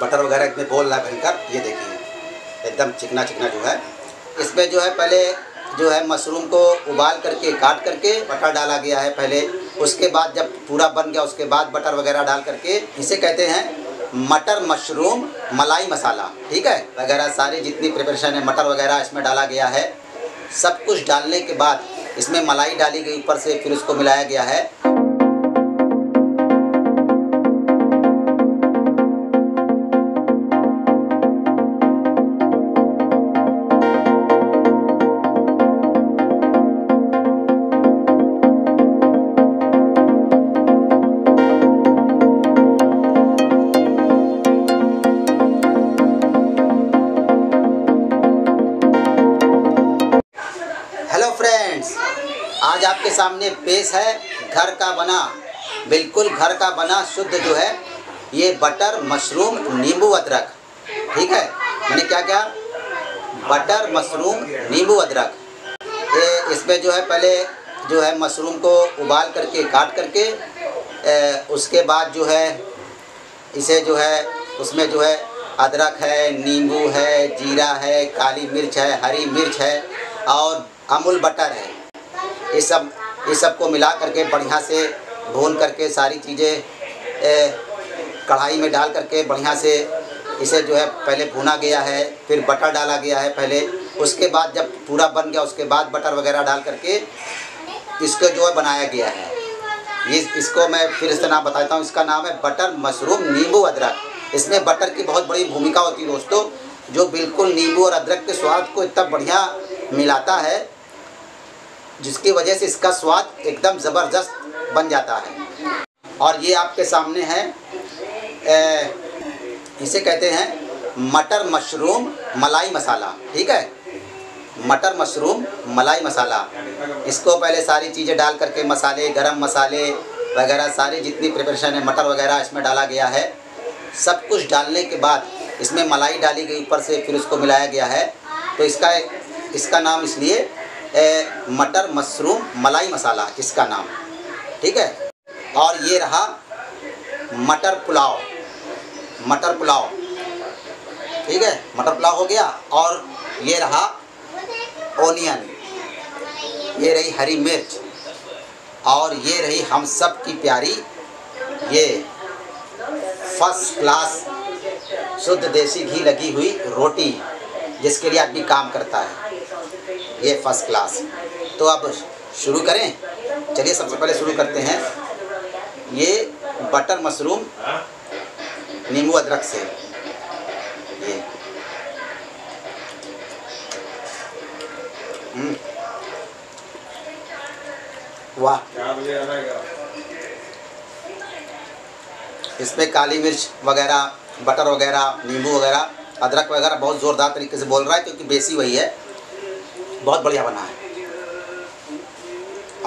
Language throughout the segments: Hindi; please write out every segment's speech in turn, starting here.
बटर वगैरह इसमें बोल रहा है बनकर ये देखिए एकदम चिकना चिकना जो है इसमें जो है पहले जो है मशरूम को उबाल करके काट करके बटर डाला गया है पहले उसके बाद जब पूरा बन गया उसके बाद बटर वगैरह डाल करके इसे कहते हैं मटर मशरूम मलाई मसाला ठीक है वगैरह सारी जितनी प्रिपरेशन है मटर वगैरह इसमें डाला गया है सब कुछ डालने के बाद इसमें मलाई डाली गई ऊपर से फिर उसको मिलाया गया है आज आपके सामने पेश है घर का बना बिल्कुल घर का बना शुद्ध जो है ये बटर मशरूम नींबू अदरक ठीक है मैंने क्या क्या बटर मशरूम नींबू अदरक ये इसमें जो है पहले जो है मशरूम को उबाल करके काट करके ए, उसके बाद जो है इसे जो है उसमें जो है अदरक है नींबू है जीरा है काली मिर्च है हरी मिर्च है और अमूल बटर है ये सब ये सब को मिला करके बढ़िया से भून करके सारी चीज़ें कढ़ाई में डाल करके बढ़िया से इसे जो है पहले भुना गया है फिर बटर डाला गया है पहले उसके बाद जब पूरा बन गया उसके बाद बटर वगैरह डाल करके इसको जो है बनाया गया है ये इसको मैं फिर से नाम बताता हूँ इसका नाम है बटर मशरूम नींबू अदरक इसमें बटर की बहुत बड़ी भूमिका होती है दोस्तों जो बिल्कुल नींबू और अदरक के स्वाद को इतना बढ़िया मिलाता है जिसकी वजह से इसका स्वाद एकदम ज़बरदस्त बन जाता है और ये आपके सामने है ए, इसे कहते हैं मटर मशरूम मलाई मसाला ठीक है मटर मशरूम मलाई मसाला इसको पहले सारी चीज़ें डाल करके मसाले गरम मसाले वगैरह सारी जितनी प्रिपरेशन है मटर वगैरह इसमें डाला गया है सब कुछ डालने के बाद इसमें मलाई डाली गई ऊपर से फिर उसको मिलाया गया है तो इसका इसका नाम इसलिए ए, मटर मशरूम मलाई मसाला इसका नाम ठीक है और ये रहा मटर पुलाव मटर पुलाव ठीक है मटर पुलाव हो गया और ये रहा ओनियन ये रही हरी मिर्च और ये रही हम सब की प्यारी ये फर्स्ट क्लास शुद्ध देसी घी लगी हुई रोटी जिसके लिए आदमी काम करता है ये फर्स्ट क्लास तो अब शुरू करें चलिए सबसे पहले शुरू करते हैं ये बटर मशरूम नींबू अदरक से ये हम्म। वाह इसमें काली मिर्च वगैरह बटर वगैरह नींबू वगैरह अदरक वगैरह बहुत ज़ोरदार तरीके से बोल रहा है क्योंकि बेसी वही है बहुत बढ़िया बना है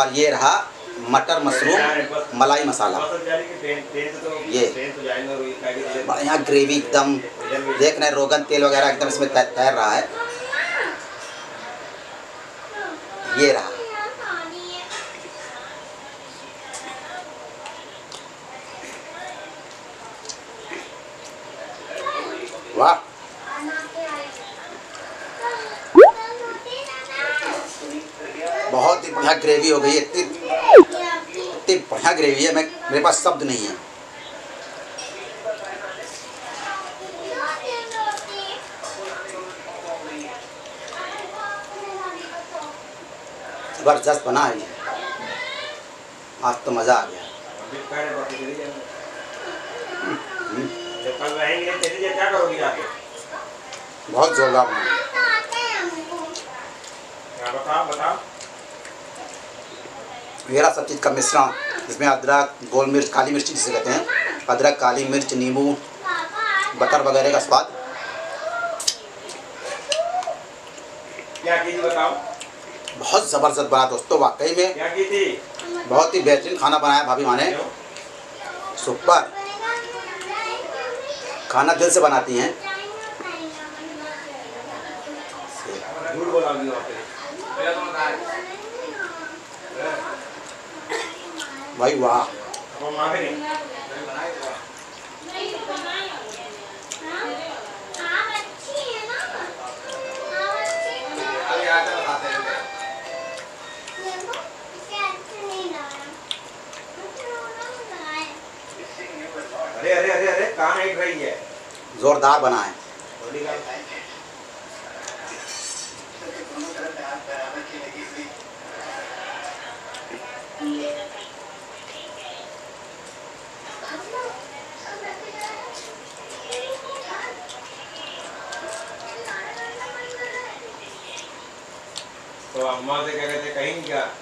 और ये रहा मटर मशरूम मलाई मसाला ये बढ़िया ग्रेवी एकदम देख रहे रोगन तेल वगैरह एकदम इसमें तैर रहा है ये रहा हो गई है इतनी इतनी भयानक ग्रेवी है मैं मेरे पास शब्द नहीं है जबरदस्त बना है आज तो मज़ा आ गया हम्म। बहुत जोरदार हाँ, बताओ बताओ वगैरह सब चीज़ का मिश्रण इसमें अदरक गोल मिर्च काली मिर्च जिसे कहते हैं अदरक काली मिर्च नींबू बटर वगैरह का स्वाद बहुत ज़बरदस्त बना दोस्तों वाकई में बहुत ही बेहतरीन खाना बनाया भाभी माने सुपर खाना दिल से बनाती हैं भाई वाह अरे अरे अरे अरे कान हिट रही है जोरदार बनाए Música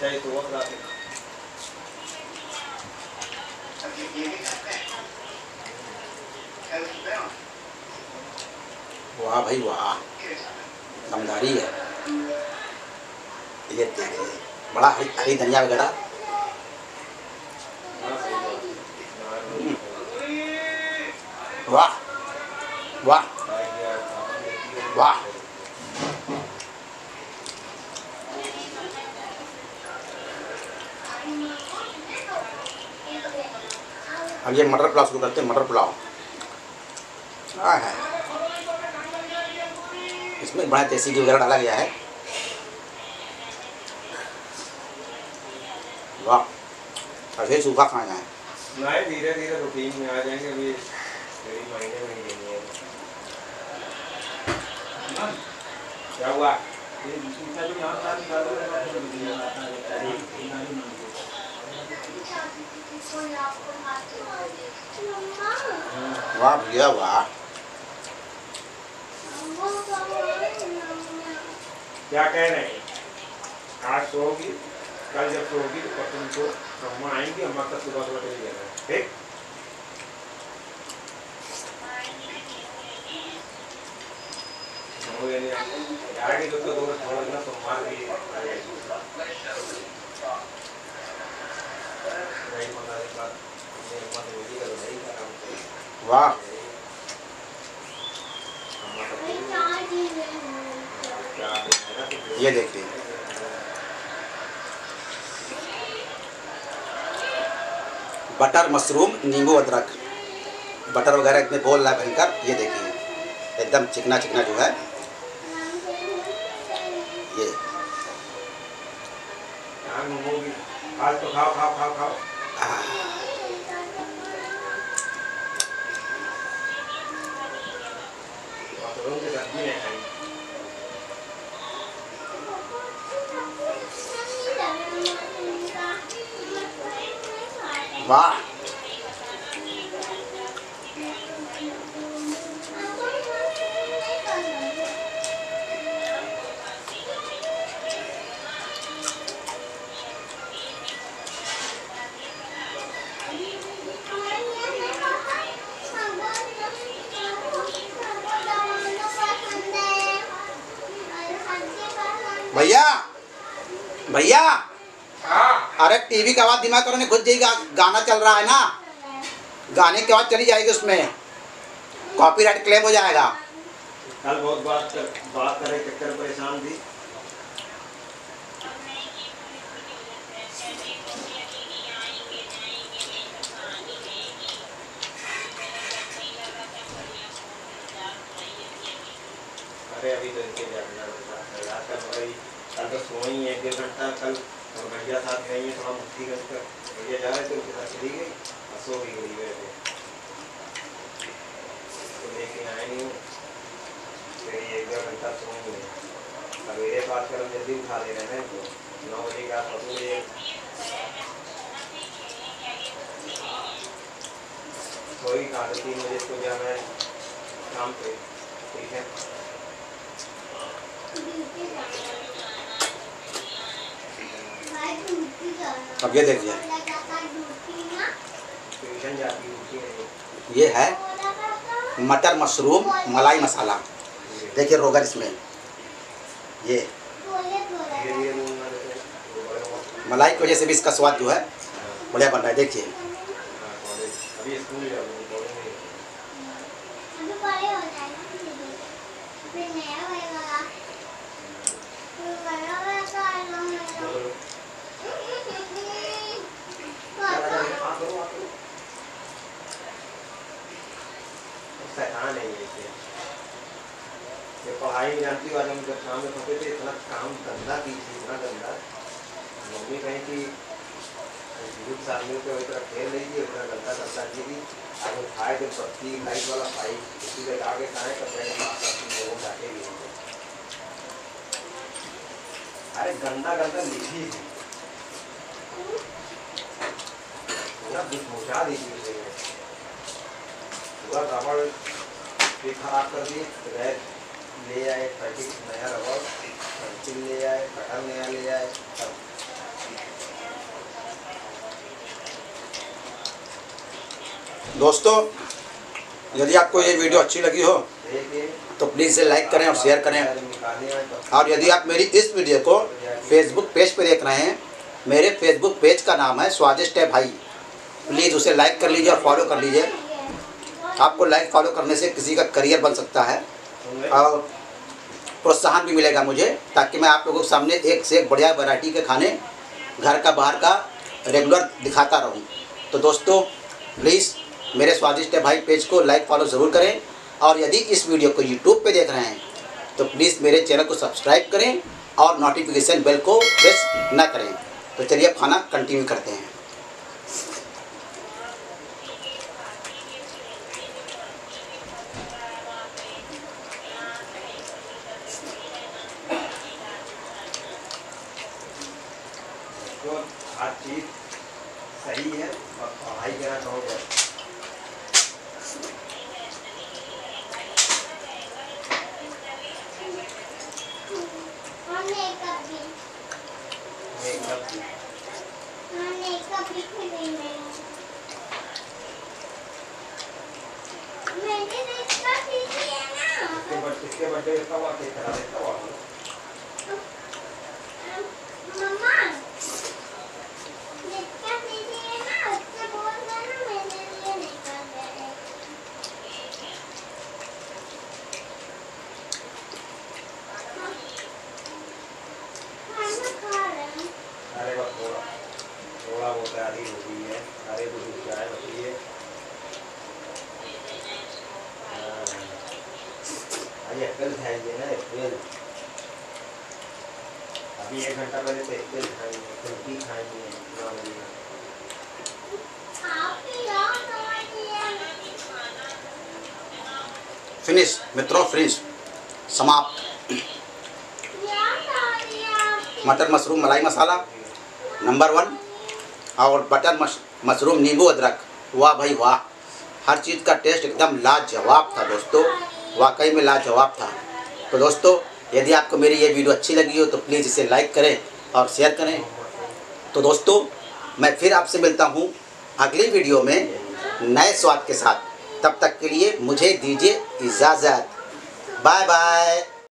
شاي توك راكب वाह भाई वाह दमदारी है ये देखिए बड़ा हरी हरी धनिया वगैरह वाह वाह वाह अब ये मटर पुलाव शुरू करते हैं मटर पुलाव है हाँ, हाँ। इसमें बड़ा तेजी घी वगैरह डाला गया है वाह अभी सूखा खाना है धीरे धीरे रूटीन तो में आ जाएंगे अभी महीने में क्या हुआ वाह भैया वाह क्या कह रहे हैं आज सोगी कल जब सोगी तो तुम को ब्रह्मा आएंगे हम तक सुबह सुबह चले जाना ठीक आगे जो तो थोड़ा लगना तो मार भी वाह ये देखिए बटर मशरूम नींबू अदरक बटर वगैरह इतने बोल रहा है भयंकर ये देखिए एकदम चिकना चिकना जो है ये 妈。भैया भैया हाँ। अरे टीवी का आवाज दिमाग करो ने घुस जाएगा गाना चल रहा है ना गाने के बाद चली जाएगी उसमें कॉपीराइट क्लेम हो जाएगा कल बहुत बात कर, बात करे चक्कर परेशान थी अरे अभी तो इनके जानना एक डेढ़ कल और भैया साथ गई है थोड़ा तो मुक्ति कर तक भैया जा रहे थे उनके साथ चली गई और सो भी गई मेरे तो लेके आए नहीं हूँ मेरी एक डेढ़ घंटा सो गई सवेरे पास कर हम जल्दी उठा ले रहे हैं तो नौ बजे के आसपास मुझे थोड़ी कहा तीन बजे को जाना है काम पे ठीक है अब ये देखिए ये है मटर मशरूम मलाई मसाला देखिए रोगर इसमें ये मलाई की वजह से भी इसका स्वाद जो है बढ़िया बन रहा है देखिए सैतान है ये से ये पढ़ाई नहीं जानती वाले हम जब शाम में सोते थे इतना काम गंदा कीजिए इतना गंदा मम्मी कहें कि बुजुर्ग आदमियों को इतना खेल लीजिए इतना गंदा गंदा कीजिए आप लोग खाए तो पत्ती लाइट वाला खाई उसी से ला के खाएँ तो मेरे माँ पत्नी लोगों जाके भी होंगे अरे गंदा गंदा लिखी है दोस्तों यदि आपको ये वीडियो अच्छी लगी हो तो प्लीज़ इसे लाइक करें और शेयर करें तो और यदि आप मेरी इस वीडियो को फेसबुक पेज पर देख रहे हैं मेरे फेसबुक पेज का नाम है स्वादिष्ट है भाई प्लीज़ उसे लाइक कर लीजिए और फॉलो कर लीजिए आपको लाइक फॉलो करने से किसी का करियर बन सकता है और प्रोत्साहन भी मिलेगा मुझे ताकि मैं आप लोगों के सामने एक से एक बढ़िया वैरायटी के खाने घर का बाहर का रेगुलर दिखाता रहूँ तो दोस्तों प्लीज़ मेरे स्वादिष्ट भाई पेज को लाइक फॉलो ज़रूर करें और यदि इस वीडियो को यूट्यूब पर देख रहे हैं तो प्लीज़ मेरे चैनल को सब्सक्राइब करें और नोटिफिकेशन बेल को प्रेस ना करें तो चलिए खाना कंटिन्यू करते हैं हर चीज़ सही है और पढ़ाई करना चाहोगे किसके बर्थडे का हुआ केक करा हुआ मम्मा तैयारी हो है हरे बुरी चाय होती है अभी हाँ। हाँ, खाएंगे ना अभी एक घंटा पहले तो खाएंगे खाएंगे फिनिश मित्रों फ्रिज समाप्त मटर मशरूम मलाई मसाला नंबर वन और बटर मशरूम नींबू अदरक वाह भाई वाह हर चीज़ का टेस्ट एकदम लाजवाब था दोस्तों वाकई में लाजवाब था तो दोस्तों यदि आपको मेरी ये वीडियो अच्छी लगी हो तो प्लीज़ इसे लाइक करें और शेयर करें तो दोस्तों मैं फिर आपसे मिलता हूँ अगली वीडियो में नए स्वाद के साथ तब तक के लिए मुझे दीजिए इजाज़त बाय बाय